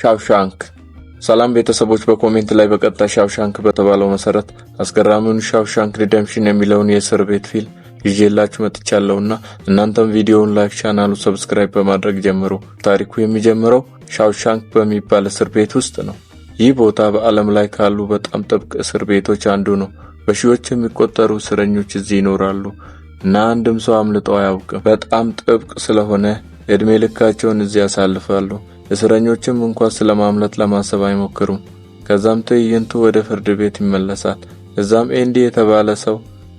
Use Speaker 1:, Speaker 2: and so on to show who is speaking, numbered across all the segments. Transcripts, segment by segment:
Speaker 1: ሻውሻንክ ሰላም ቤተሰቦች፣ በኮሜንት ላይ በቀጥታ ሻውሻንክ በተባለው መሰረት አስገራሚውን ሻውሻንክ ሪደምሽን የሚለውን የእስር ቤት ፊልም ይዤላችሁ መጥቻለሁና እናንተም ቪዲዮውን ላይክ፣ ቻናሉ ሰብስክራይብ በማድረግ ጀምሩ። ታሪኩ የሚጀምረው ሻውሻንክ በሚባል እስር ቤት ውስጥ ነው። ይህ ቦታ በዓለም ላይ ካሉ በጣም ጥብቅ እስር ቤቶች አንዱ ነው። በሺዎች የሚቆጠሩ እስረኞች እዚህ ይኖራሉ እና አንድም ሰው አምልጦ አያውቅም። በጣም ጥብቅ ስለሆነ እድሜ ልካቸውን እዚህ ያሳልፋሉ። እስረኞችም እንኳ ስለ ማምለጥ ለማሰብ አይሞክሩም። ከዛም ትዕይንቱ ወደ ፍርድ ቤት ይመለሳል። እዛም ኤንዲ የተባለ ሰው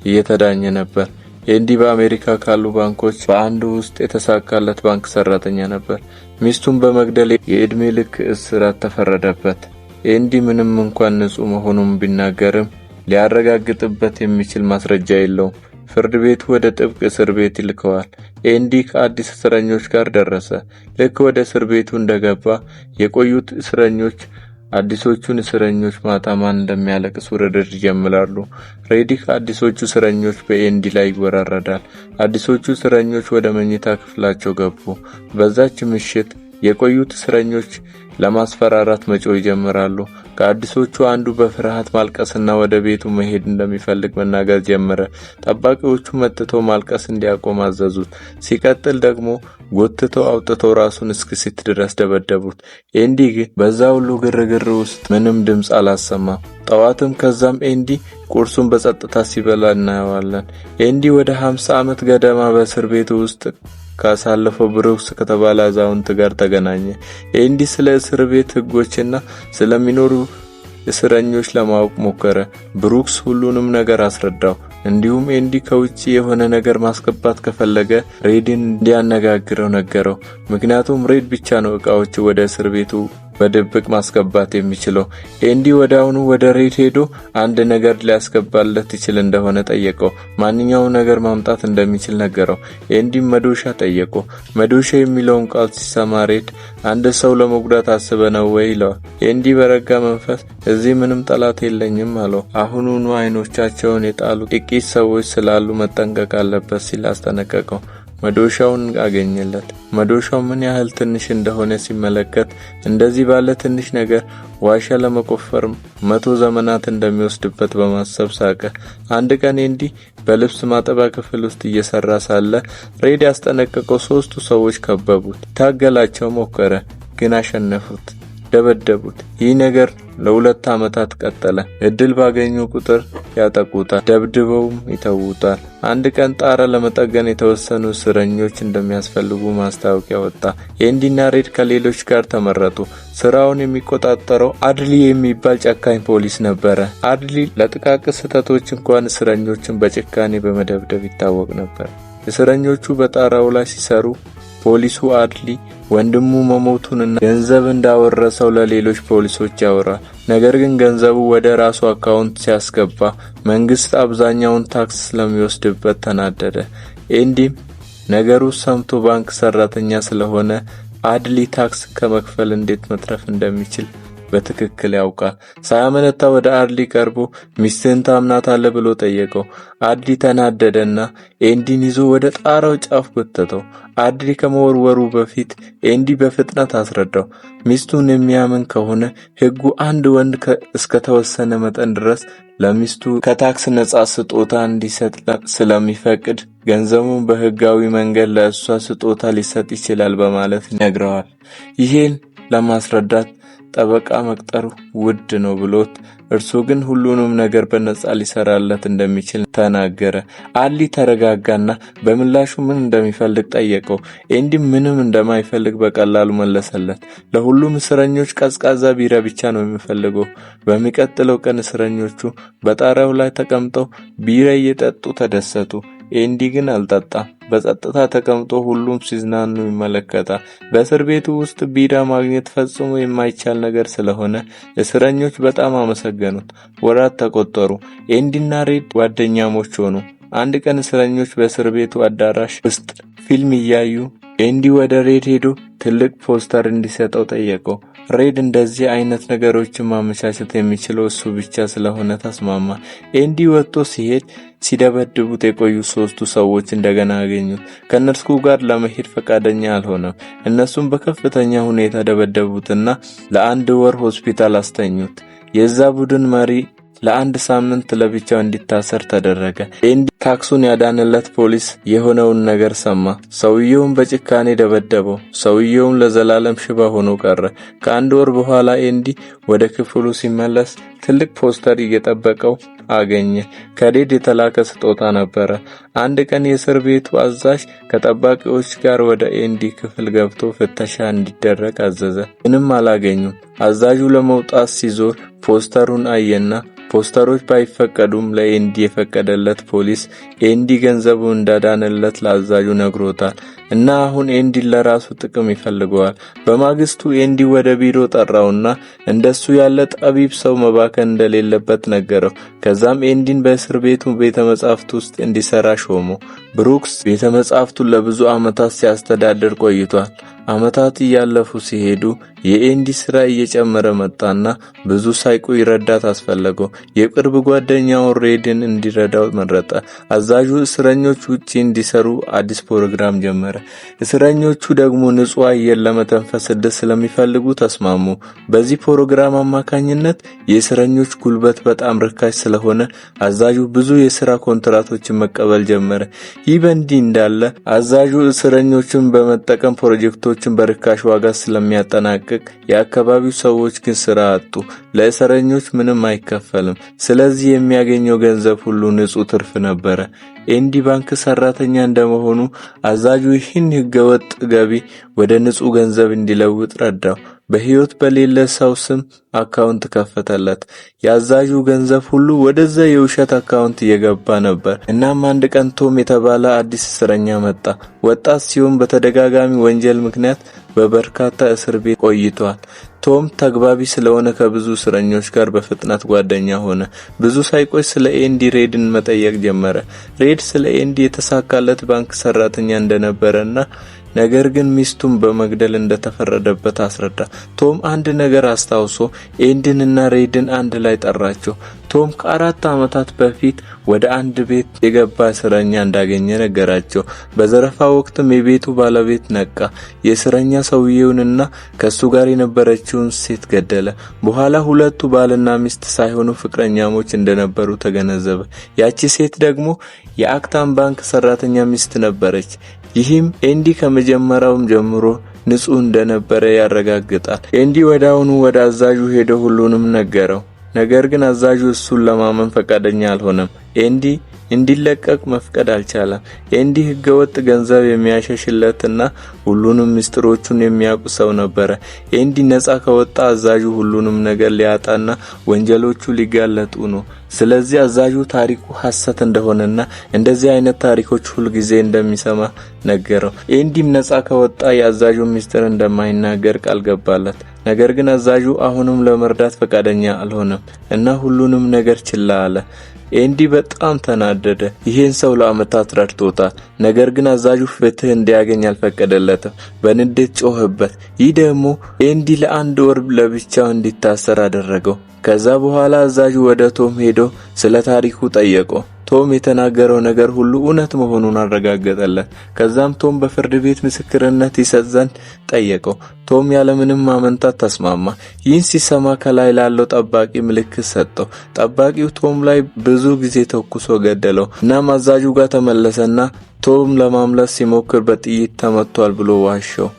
Speaker 1: እየተዳኘ ነበር። ኤንዲ በአሜሪካ ካሉ ባንኮች በአንድ ውስጥ የተሳካለት ባንክ ሰራተኛ ነበር። ሚስቱን በመግደል የዕድሜ ልክ እስራት ተፈረደበት። ኤንዲ ምንም እንኳን ንጹህ መሆኑን ቢናገርም ሊያረጋግጥበት የሚችል ማስረጃ የለውም። ፍርድ ቤቱ ወደ ጥብቅ እስር ቤት ይልከዋል። ኤንዲ ከአዲስ እስረኞች ጋር ደረሰ። ልክ ወደ እስር ቤቱ እንደገባ የቆዩት እስረኞች አዲሶቹን እስረኞች ማታ ማን እንደሚያለቅስ ውርድድ ይጀምራሉ። ሬዲ ከአዲሶቹ እስረኞች በኤንዲ ላይ ይወራረዳል። አዲሶቹ እስረኞች ወደ መኝታ ክፍላቸው ገቡ። በዛች ምሽት የቆዩት እስረኞች ለማስፈራራት መጮህ ይጀምራሉ። ከአዲሶቹ አንዱ በፍርሃት ማልቀስና ወደ ቤቱ መሄድ እንደሚፈልግ መናገር ጀመረ። ጠባቂዎቹ መጥቶ ማልቀስ እንዲያቆም አዘዙት። ሲቀጥል ደግሞ ጎትተው አውጥተው ራሱን እስክስት ድረስ ደበደቡት። ኤንዲ ግን በዛ ሁሉ ግርግር ውስጥ ምንም ድምፅ አላሰማም። ጠዋትም ከዛም ኤንዲ ቁርሱን በጸጥታ ሲበላ እናየዋለን። ኤንዲ ወደ 50 ዓመት ገደማ በእስር ቤቱ ውስጥ ካሳለፈው ብሩክስ ከተባለ አዛውንት ጋር ተገናኘ። ኤንዲ ስለ እስር ቤት ህጎችና ስለሚኖሩ እስረኞች ለማወቅ ሞከረ። ብሩክስ ሁሉንም ነገር አስረዳው። እንዲሁም ኤንዲ ከውጭ የሆነ ነገር ማስገባት ከፈለገ ሬድን እንዲያነጋግረው ነገረው። ምክንያቱም ሬድ ብቻ ነው እቃዎች ወደ እስር ቤቱ በድብቅ ማስገባት የሚችለው። ኤንዲ ወዲያውኑ ወደ ሬድ ሄዶ አንድ ነገር ሊያስገባለት ይችል እንደሆነ ጠየቀው። ማንኛውም ነገር ማምጣት እንደሚችል ነገረው። ኤንዲም መዶሻ ጠየቀው። መዶሻ የሚለውን ቃል ሲሰማ ሬድ አንድ ሰው ለመጉዳት አስበ ነው ወይ ይለዋል። ኤንዲ በረጋ መንፈስ እዚህ ምንም ጠላት የለኝም አለው። አሁኑኑ አይኖቻቸውን የጣሉ ጥቂት ሰዎች ስላሉ መጠንቀቅ አለበት ሲል አስጠነቀቀው። መዶሻውን አገኘለት። መዶሻው ምን ያህል ትንሽ እንደሆነ ሲመለከት እንደዚህ ባለ ትንሽ ነገር ዋሻ ለመቆፈር መቶ ዘመናት እንደሚወስድበት በማሰብ ሳቀ። አንድ ቀን እንዲ በልብስ ማጠቢያ ክፍል ውስጥ እየሰራ ሳለ ሬድ ያስጠነቀቀው ሶስቱ ሰዎች ከበቡት። ታገላቸው ሞከረ፣ ግን አሸነፉት። ደበደቡት። ይህ ነገር ለሁለት ዓመታት ቀጠለ። እድል ባገኙ ቁጥር ያጠቁታል፣ ደብድበውም ይተውታል። አንድ ቀን ጣራ ለመጠገን የተወሰኑ እስረኞች እንደሚያስፈልጉ ማስታወቂያ ወጣ። ኤንዲና ሬድ ከሌሎች ጋር ተመረጡ። ስራውን የሚቆጣጠረው አድሊ የሚባል ጨካኝ ፖሊስ ነበረ። አድሊ ለጥቃቅ ስህተቶች እንኳን እስረኞችን በጭካኔ በመደብደብ ይታወቅ ነበር። እስረኞቹ በጣራው ላይ ሲሰሩ ፖሊሱ አድሊ ወንድሙ መሞቱንና ገንዘብ እንዳወረሰው ለሌሎች ፖሊሶች ያወራል። ነገር ግን ገንዘቡ ወደ ራሱ አካውንት ሲያስገባ መንግስት አብዛኛውን ታክስ ስለሚወስድበት ተናደደ። ኤንዲም ነገሩ ሰምቶ ባንክ ሰራተኛ ስለሆነ አድሊ ታክስ ከመክፈል እንዴት መትረፍ እንደሚችል በትክክል ያውቃል። ሳያመነታ ወደ አርሊ ቀርቦ ሚስትህን ታምናታለህ ብሎ ጠየቀው። አርሊ ተናደደና ኤንዲን ይዞ ወደ ጣራው ጫፍ ጎተተው። አርሊ ከመወርወሩ በፊት ኤንዲ በፍጥነት አስረዳው። ሚስቱን የሚያምን ከሆነ ህጉ አንድ ወንድ እስከተወሰነ መጠን ድረስ ለሚስቱ ከታክስ ነጻ ስጦታ እንዲሰጥ ስለሚፈቅድ ገንዘቡን በህጋዊ መንገድ ለእሷ ስጦታ ሊሰጥ ይችላል በማለት ይነግረዋል። ይሄን ለማስረዳት ጠበቃ መቅጠር ውድ ነው ብሎት እርሱ ግን ሁሉንም ነገር በነፃ ሊሰራለት እንደሚችል ተናገረ። አሊ ተረጋጋና በምላሹ ምን እንደሚፈልግ ጠየቀው። ኤንዲ ምንም እንደማይፈልግ በቀላሉ መለሰለት። ለሁሉም እስረኞች ቀዝቃዛ ቢራ ብቻ ነው የሚፈልገው። በሚቀጥለው ቀን እስረኞቹ በጣሪያው ላይ ተቀምጠው ቢራ እየጠጡ ተደሰቱ። ኤንዲ ግን አልጠጣም። በጸጥታ ተቀምጦ ሁሉም ሲዝናኑ ይመለከታል። በእስር ቤቱ ውስጥ ቢራ ማግኘት ፈጽሞ የማይቻል ነገር ስለሆነ እስረኞች በጣም አመሰገኑት። ወራት ተቆጠሩ። ኤንዲና ሬድ ጓደኛሞች ሆኑ። አንድ ቀን እስረኞች በእስር ቤቱ አዳራሽ ውስጥ ፊልም እያዩ ኤንዲ ወደ ሬድ ሄዶ ትልቅ ፖስተር እንዲሰጠው ጠየቀው። ሬድ እንደዚህ አይነት ነገሮችን ማመቻቸት የሚችለው እሱ ብቻ ስለሆነ ተስማማ። ኤንዲ ወጥቶ ሲሄድ ሲደበድቡት የቆዩ ሶስቱ ሰዎች እንደገና አገኙት። ከእነርሱ ጋር ለመሄድ ፈቃደኛ አልሆነም። እነሱም በከፍተኛ ሁኔታ ደበደቡትና ለአንድ ወር ሆስፒታል አስተኙት። የዛ ቡድን መሪ ለአንድ ሳምንት ለብቻው እንዲታሰር ተደረገ። ኤንዲ ታክሱን ያዳንለት ፖሊስ የሆነውን ነገር ሰማ። ሰውየውን በጭካኔ ደበደበው። ሰውየውም ለዘላለም ሽባ ሆኖ ቀረ። ከአንድ ወር በኋላ ኤንዲ ወደ ክፍሉ ሲመለስ ትልቅ ፖስተር እየጠበቀው አገኘ። ከዴድ የተላከ ስጦታ ነበረ። አንድ ቀን የእስር ቤቱ አዛዥ ከጠባቂዎች ጋር ወደ ኤንዲ ክፍል ገብቶ ፍተሻ እንዲደረግ አዘዘ። ምንም አላገኙም። አዛዡ ለመውጣት ሲዞር ፖስተሩን አየና ፖስተሮች ባይፈቀዱም ለኤንዲ የፈቀደለት ፖሊስ ኤንዲ ገንዘቡ እንዳዳነለት ለአዛዡ ነግሮታል። እና አሁን ኤንዲን ለራሱ ጥቅም ይፈልገዋል። በማግስቱ ኤንዲ ወደ ቢሮ ጠራውና እንደሱ ያለ ጠቢብ ሰው መባከን እንደሌለበት ነገረው። ከዛም ኤንዲን በእስር ቤቱ ቤተ መጻሕፍት ውስጥ እንዲሰራ ሾሞ ብሩክስ ቤተ መጻሕፍቱን ለብዙ ዓመታት ሲያስተዳድር ቆይቷል። ዓመታት እያለፉ ሲሄዱ የኤንዲ ስራ እየጨመረ መጣና ብዙ ሳይቆ ረዳት አስፈለገው። የቅርብ ጓደኛውን ሬድን እንዲረዳው መረጠ። አዛዡ እስረኞች ውጪ እንዲሰሩ አዲስ ፕሮግራም ጀመረ። እስረኞቹ ደግሞ ንጹህ አየር ለመተንፈስ እድል ስለሚፈልጉ ተስማሙ። በዚህ ፕሮግራም አማካኝነት የእስረኞች ጉልበት በጣም ርካሽ ስለሆነ አዛዡ ብዙ የስራ ኮንትራቶችን መቀበል ጀመረ። ይህ በእንዲህ እንዳለ አዛዡ እስረኞችን በመጠቀም ፕሮጀክቶችን በርካሽ ዋጋ ስለሚያጠናቅቅ የአካባቢው ሰዎች ግን ስራ አጡ። ለእስረኞች ምንም አይከፈልም። ስለዚህ የሚያገኘው ገንዘብ ሁሉ ንጹህ ትርፍ ነበረ። ኤንዲ ባንክ ሰራተኛ እንደመሆኑ አዛዡ ይህን ህገወጥ ገቢ ወደ ንጹህ ገንዘብ እንዲለውጥ ረዳው። በህይወት በሌለ ሰው ስም አካውንት ከፈተለት። የአዛዡ ገንዘብ ሁሉ ወደዛ የውሸት አካውንት እየገባ ነበር። እናም አንድ ቀን ቶም የተባለ አዲስ እስረኛ መጣ። ወጣት ሲሆን በተደጋጋሚ ወንጀል ምክንያት በበርካታ እስር ቤት ቆይቷል። ቶም ተግባቢ ስለሆነ ከብዙ እስረኞች ጋር በፍጥነት ጓደኛ ሆነ። ብዙ ሳይቆይ ስለ ኤንዲ ሬድን መጠየቅ ጀመረ። ሬድ ስለ ኤንዲ የተሳካለት ባንክ ሰራተኛ እንደነበረና ነገር ግን ሚስቱን በመግደል እንደተፈረደበት አስረዳ። ቶም አንድ ነገር አስታውሶ ኤንድንና ሬድን አንድ ላይ ጠራቸው። ቶም ከአራት ዓመታት በፊት ወደ አንድ ቤት የገባ እስረኛ እንዳገኘ ነገራቸው። በዘረፋ ወቅትም የቤቱ ባለቤት ነቃ። የእስረኛ ሰውየውንና ከሱ ጋር የነበረችውን ሴት ገደለ። በኋላ ሁለቱ ባልና ሚስት ሳይሆኑ ፍቅረኛሞች እንደነበሩ ተገነዘበ። ያቺ ሴት ደግሞ የአክታም ባንክ ሰራተኛ ሚስት ነበረች። ይህም ኤንዲ ከመጀመሪያውም ጀምሮ ንጹህ እንደነበረ ያረጋግጣል። ኤንዲ ወዳውኑ ወደ አዛዡ ሄደ ሁሉንም ነገረው። ነገር ግን አዛዡ እሱን ለማመን ፈቃደኛ አልሆነም። ኤንዲ እንዲለቀቅ መፍቀድ አልቻለም። የእንዲህ ህገወጥ ገንዘብ የሚያሸሽለትና ሁሉንም ምስጢሮቹን የሚያውቅ ሰው ነበረ። የእንዲ ነጻ ከወጣ አዛዡ ሁሉንም ነገር ሊያጣና ወንጀሎቹ ሊጋለጡ ነው። ስለዚህ አዛዡ ታሪኩ ሐሰት እንደሆነና እንደዚህ አይነት ታሪኮች ሁልጊዜ እንደሚሰማ ነገረው። ኤንዲም ነጻ ከወጣ የአዛዡ ምስጢር እንደማይናገር ቃል ገባለት። ነገር ግን አዛዡ አሁንም ለመርዳት ፈቃደኛ አልሆነም እና ሁሉንም ነገር ችላ አለ። ኤንዲ በጣም ተናደደ። ይህን ሰው ለአመታት ረድቶታል። ነገር ግን አዛዡ ፍትህ እንዲያገኝ አልፈቀደለትም። በንዴት ጮህበት። ይህ ደግሞ ኤንዲ ለአንድ ወር ለብቻው እንዲታሰር አደረገው። ከዛ በኋላ አዛዡ ወደ ቶም ሄዶ ስለ ታሪኩ ጠየቀው። ቶም የተናገረው ነገር ሁሉ እውነት መሆኑን አረጋገጠለት። ከዛም ቶም በፍርድ ቤት ምስክርነት ይሰጥ ዘንድ ጠየቀው። ቶም ያለምንም ማመንታት ተስማማ። ይህን ሲሰማ ከላይ ላለው ጠባቂ ምልክት ሰጠው። ጠባቂው ቶም ላይ ብዙ ጊዜ ተኩሶ ገደለው እና ማዛዡ ጋር ተመለሰና ቶም ለማምለስ ሲሞክር በጥይት ተመቷል ብሎ ዋሸው።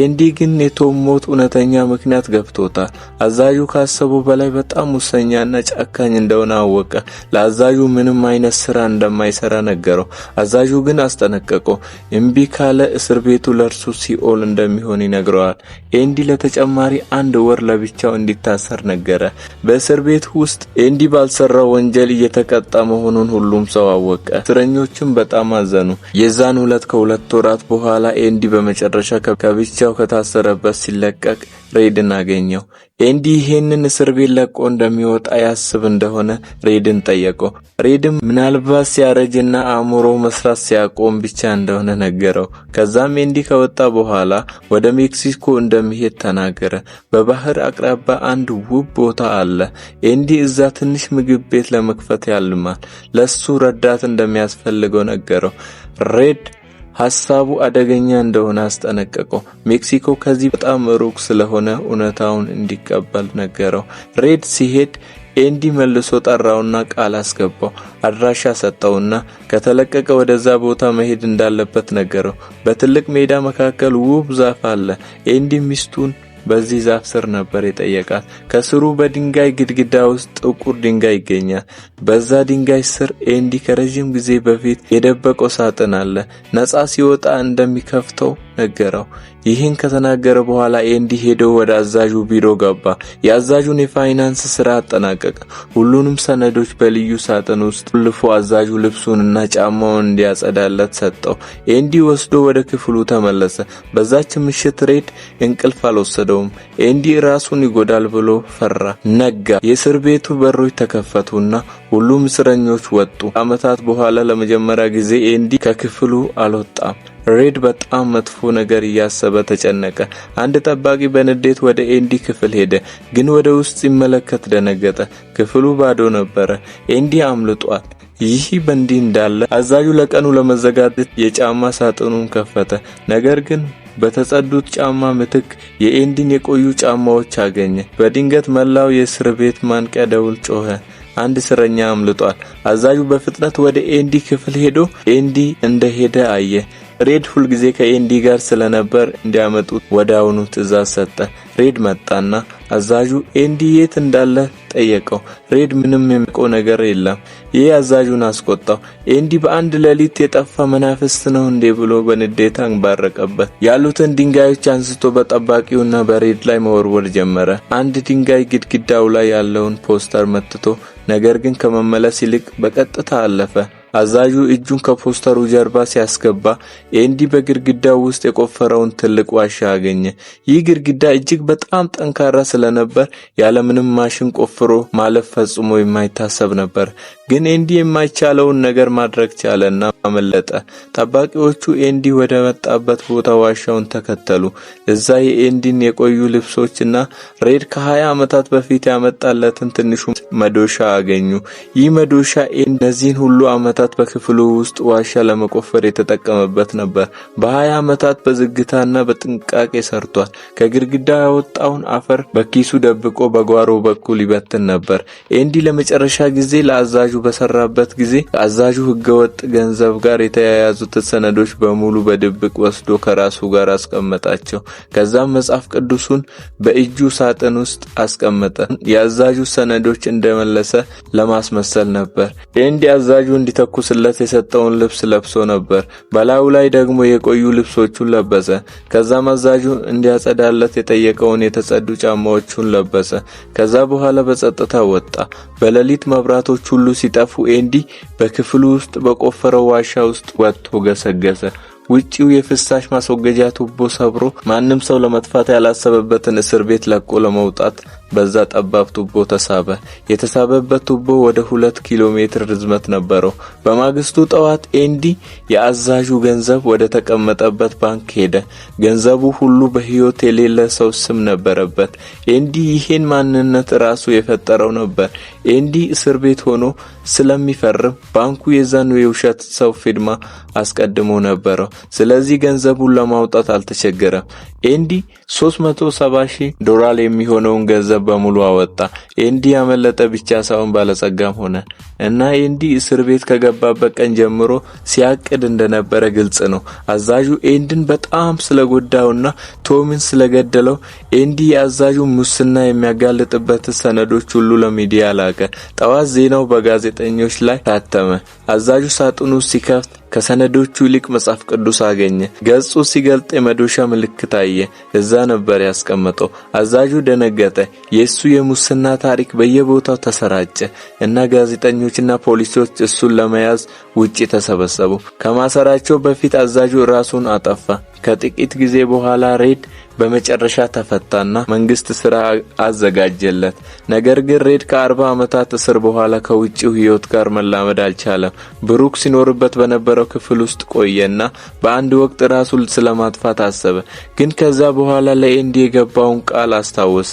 Speaker 1: ኤንዲ ግን የቶም ሞት እውነተኛ ምክንያት ገብቶታል። አዛዡ ካሰቡ በላይ በጣም ሙሰኛና ጨካኝ እንደሆነ አወቀ። ለአዛዡ ምንም አይነት ስራ እንደማይሰራ ነገረው። አዛዡ ግን አስጠነቀቀው። እምቢ ካለ እስር ቤቱ ለእርሱ ሲኦል እንደሚሆን ይነግረዋል። ኤንዲ ለተጨማሪ አንድ ወር ለብቻው እንዲታሰር ነገረ። በእስር ቤት ውስጥ ኤንዲ ባልሰራው ወንጀል እየተቀጣ መሆኑን ሁሉም ሰው አወቀ። እስረኞችም በጣም አዘኑ። የዛን ሁለት ከሁለት ወራት በኋላ ኤንዲ በመጨረሻ ከብቻ ብቻው ከታሰረበት ሲለቀቅ ሬድን አገኘው። ኤንዲ ይሄንን እስር ቤት ለቆ እንደሚወጣ ያስብ እንደሆነ ሬድን ጠየቀው። ሬድም ምናልባት ሲያረጅና አእምሮ መስራት ሲያቆም ብቻ እንደሆነ ነገረው። ከዛም ኤንዲ ከወጣ በኋላ ወደ ሜክሲኮ እንደሚሄድ ተናገረ። በባህር አቅራቢያ አንድ ውብ ቦታ አለ። ኤንዲ እዛ ትንሽ ምግብ ቤት ለመክፈት ያልማል። ለሱ ረዳት እንደሚያስፈልገው ነገረው። ሬድ ሀሳቡ አደገኛ እንደሆነ አስጠነቀቀው። ሜክሲኮ ከዚህ በጣም ሩቅ ስለሆነ እውነታውን እንዲቀበል ነገረው። ሬድ ሲሄድ ኤንዲ መልሶ ጠራውና ቃል አስገባው። አድራሻ ሰጠውና ከተለቀቀ ወደዛ ቦታ መሄድ እንዳለበት ነገረው። በትልቅ ሜዳ መካከል ውብ ዛፍ አለ። ኤንዲ ሚስቱን በዚህ ዛፍ ስር ነበር የጠየቃት። ከስሩ በድንጋይ ግድግዳ ውስጥ ጥቁር ድንጋይ ይገኛል። በዛ ድንጋይ ስር ኤንዲ ከረዥም ጊዜ በፊት የደበቀው ሳጥን አለ። ነፃ ሲወጣ እንደሚከፍተው ነገረው። ይህን ከተናገረ በኋላ ኤንዲ ሄዶ ወደ አዛዡ ቢሮ ገባ። የአዛዡን የፋይናንስ ስራ አጠናቀቀ። ሁሉንም ሰነዶች በልዩ ሳጥን ውስጥ ልፎ አዛዡ ልብሱንና ጫማውን እንዲያጸዳለት ሰጠው። ኤንዲ ወስዶ ወደ ክፍሉ ተመለሰ። በዛች ምሽት ሬድ እንቅልፍ አልወሰደውም። ኤንዲ ራሱን ይጎዳል ብሎ ፈራ። ነጋ። የእስር ቤቱ በሮች ተከፈቱና ሁሉም እስረኞች ወጡ። ዓመታት በኋላ ለመጀመሪያ ጊዜ ኤንዲ ከክፍሉ አልወጣም። ሬድ በጣም መጥፎ ነገር እያሰበ ተጨነቀ። አንድ ጠባቂ በንዴት ወደ ኤንዲ ክፍል ሄደ፣ ግን ወደ ውስጥ ሲመለከት ደነገጠ። ክፍሉ ባዶ ነበረ። ኤንዲ አምልጧል። ይህ በእንዲህ እንዳለ አዛዡ ለቀኑ ለመዘጋጀት የጫማ ሳጥኑን ከፈተ። ነገር ግን በተጸዱት ጫማ ምትክ የኤንዲን የቆዩ ጫማዎች አገኘ። በድንገት መላው የእስር ቤት ማንቂያ ደውል ጮኸ። አንድ እስረኛ አምልጧል። አዛዡ በፍጥነት ወደ ኤንዲ ክፍል ሄዶ ኤንዲ እንደሄደ አየ። ሬድ ሁልጊዜ ከኤንዲ ጋር ስለነበር እንዲያመጡ ወዲያውኑ ትዕዛዝ ሰጠ። ሬድ መጣና አዛዡ ኤንዲ የት እንዳለ ጠየቀው። ሬድ ምንም የሚያውቀው ነገር የለም። ይህ አዛዡን አስቆጣው። ኤንዲ በአንድ ሌሊት የጠፋ መናፍስት ነው እንዴ ብሎ በንዴታ አንባረቀበት። ያሉትን ድንጋዮች አንስቶ በጠባቂውና በሬድ ላይ መወርወር ጀመረ። አንድ ድንጋይ ግድግዳው ላይ ያለውን ፖስተር መትቶ ነገር ግን ከመመለስ ይልቅ በቀጥታ አለፈ። አዛዡ እጁን ከፖስተሩ ጀርባ ሲያስገባ ኤንዲ በግድግዳው ውስጥ የቆፈረውን ትልቅ ዋሻ አገኘ። ይህ ግድግዳ እጅግ በጣም ጠንካራ ስለነበር ያለምንም ማሽን ቆፍሮ ማለፍ ፈጽሞ የማይታሰብ ነበር። ግን ኤንዲ የማይቻለውን ነገር ማድረግ ቻለና አመለጠ። ጠባቂዎቹ ኤንዲ ወደ መጣበት ቦታ ዋሻውን ተከተሉ። እዛ የኤንዲን የቆዩ ልብሶችና ሬድ ከ20 ዓመታት በፊት ያመጣለትን ትንሹ መዶሻ አገኙ። ይህ መዶሻ ኤንዲ እነዚህን ሁሉ ዓመታት ዓመታት በክፍሉ ውስጥ ዋሻ ለመቆፈር የተጠቀመበት ነበር። በ20 ዓመታት በዝግታና በጥንቃቄ ሰርቷል። ከግድግዳ ያወጣውን አፈር በኪሱ ደብቆ በጓሮ በኩል ይበትን ነበር። ኤንዲ ለመጨረሻ ጊዜ ለአዛዡ በሰራበት ጊዜ አዛዡ ህገወጥ ገንዘብ ጋር የተያያዙት ሰነዶች በሙሉ በድብቅ ወስዶ ከራሱ ጋር አስቀመጣቸው። ከዛም መጽሐፍ ቅዱሱን በእጁ ሳጥን ውስጥ አስቀመጠ። የአዛዡ ሰነዶች እንደመለሰ ለማስመሰል ነበር። ኤንዲ አዛዡ እንዲተ ሲተኩስለት የሰጠውን ልብስ ለብሶ ነበር። በላዩ ላይ ደግሞ የቆዩ ልብሶቹን ለበሰ። ከዛ አዛዡ እንዲያጸዳለት የጠየቀውን የተጸዱ ጫማዎቹን ለበሰ። ከዛ በኋላ በጸጥታ ወጣ። በሌሊት መብራቶች ሁሉ ሲጠፉ ኤንዲ በክፍሉ ውስጥ በቆፈረው ዋሻ ውስጥ ወጥቶ ገሰገሰ። ውጪው የፍሳሽ ማስወገጃ ቱቦ ሰብሮ ማንም ሰው ለመጥፋት ያላሰበበትን እስር ቤት ለቆ ለመውጣት በዛ ጠባብ ቱቦ ተሳበ። የተሳበበት ቱቦ ወደ ሁለት ኪሎ ሜትር ርዝመት ነበረው። በማግስቱ ጠዋት ኤንዲ የአዛዡ ገንዘብ ወደ ተቀመጠበት ባንክ ሄደ። ገንዘቡ ሁሉ በሕይወት የሌለ ሰው ስም ነበረበት። ኤንዲ ይህን ማንነት ራሱ የፈጠረው ነበር። ኤንዲ እስር ቤት ሆኖ ስለሚፈርም ባንኩ የዛኑ የውሸት ሰው ፊርማ አስቀድሞ ነበረው። ስለዚህ ገንዘቡን ለማውጣት አልተቸገረም። ኤንዲ 370 ሺህ ዶላር የሚሆነውን ገንዘብ በሙሉ አወጣ። ኤንዲ ያመለጠ ብቻ ሳይሆን ባለጸጋም ሆነ እና ኤንዲ እስር ቤት ከገባበት ቀን ጀምሮ ሲያቅድ እንደነበረ ግልጽ ነው። አዛዡ ኤንዲን በጣም ስለጎዳውና ቶሚን ስለገደለው ኤንዲ የአዛዡ ሙስና የሚያጋልጥበት ሰነዶች ሁሉ ለሚዲያ ላቀ ጠዋት ዜናው በጋዜጠኞች ላይ ታተመ። አዛዡ ሳጥኑ ሲከፍት ከሰነዶቹ ይልቅ መጽሐፍ ቅዱስ አገኘ። ገጹ ሲገልጥ የመዶሻ ምልክት አየ። እዛ ነበር ያስቀመጠው። አዛዡ ደነገጠ። የእሱ የሙስና ታሪክ በየቦታው ተሰራጨ እና ጋዜጠኞችና ፖሊሶች እሱን ለመያዝ ውጪ ተሰበሰቡ። ከማሰራቸው በፊት አዛዡ ራሱን አጠፋ። ከጥቂት ጊዜ በኋላ ሬድ በመጨረሻ ተፈታና መንግስት ስራ አዘጋጀለት። ነገር ግን ሬድ ከ ከ40 ዓመታት እስር በኋላ ከውጭው ህይወት ጋር መላመድ አልቻለም። ብሩክ ሲኖርበት በነበረው ክፍል ውስጥ ቆየና በአንድ ወቅት ራሱን ስለማጥፋት አሰበ። ግን ከዛ በኋላ ለኤንዲ የገባውን ቃል አስታወሰ።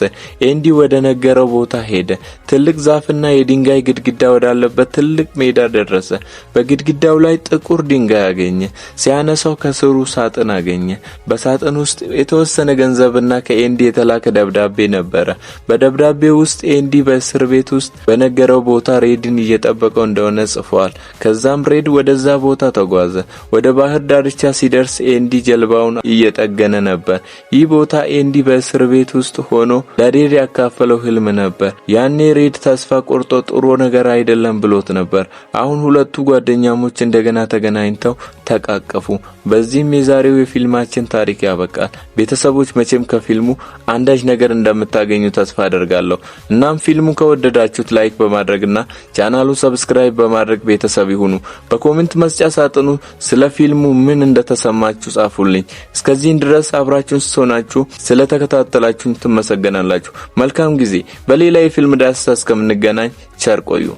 Speaker 1: ኤንዲ ወደ ነገረው ቦታ ሄደ። ትልቅ ዛፍና የድንጋይ ግድግዳ ወዳለበት ትልቅ ሜዳ ደረሰ። በግድግዳው ላይ ጥቁር ድንጋይ አገኘ። ሲያነሳው ከስሩ ሳጥን አገኘ። አገኘ። በሳጥን ውስጥ የተወሰነ ገንዘብና ከኤንዲ የተላከ ደብዳቤ ነበረ። በደብዳቤው ውስጥ ኤንዲ በእስር ቤት ውስጥ በነገረው ቦታ ሬድን እየጠበቀው እንደሆነ ጽፏል። ከዛም ሬድ ወደዛ ቦታ ተጓዘ። ወደ ባህር ዳርቻ ሲደርስ ኤንዲ ጀልባውን እየጠገነ ነበር። ይህ ቦታ ኤንዲ በእስር ቤት ውስጥ ሆኖ ለሬድ ያካፈለው ህልም ነበር። ያኔ ሬድ ተስፋ ቆርጦ ጥሩ ነገር አይደለም ብሎት ነበር። አሁን ሁለቱ ጓደኛሞች እንደገና ተገናኝተው ተቃቀፉ። በዚህም የዛሬው የፊልማችን ታሪክ ያበቃል። ቤተሰቦች መቼም ከፊልሙ አንዳች ነገር እንደምታገኙ ተስፋ አደርጋለሁ። እናም ፊልሙ ከወደዳችሁት ላይክ በማድረግና ቻናሉ ሰብስክራይብ በማድረግ ቤተሰብ ይሁኑ። በኮሜንት መስጫ ሳጥኑ ስለ ፊልሙ ምን እንደተሰማችሁ ጻፉልኝ። እስከዚህን ድረስ አብራችሁን ስትሆናችሁ ስለተከታተላችሁን ትመሰገናላችሁ። መልካም ጊዜ። በሌላ የፊልም ዳሰሳ እስከምንገናኝ ቸር ቆዩ።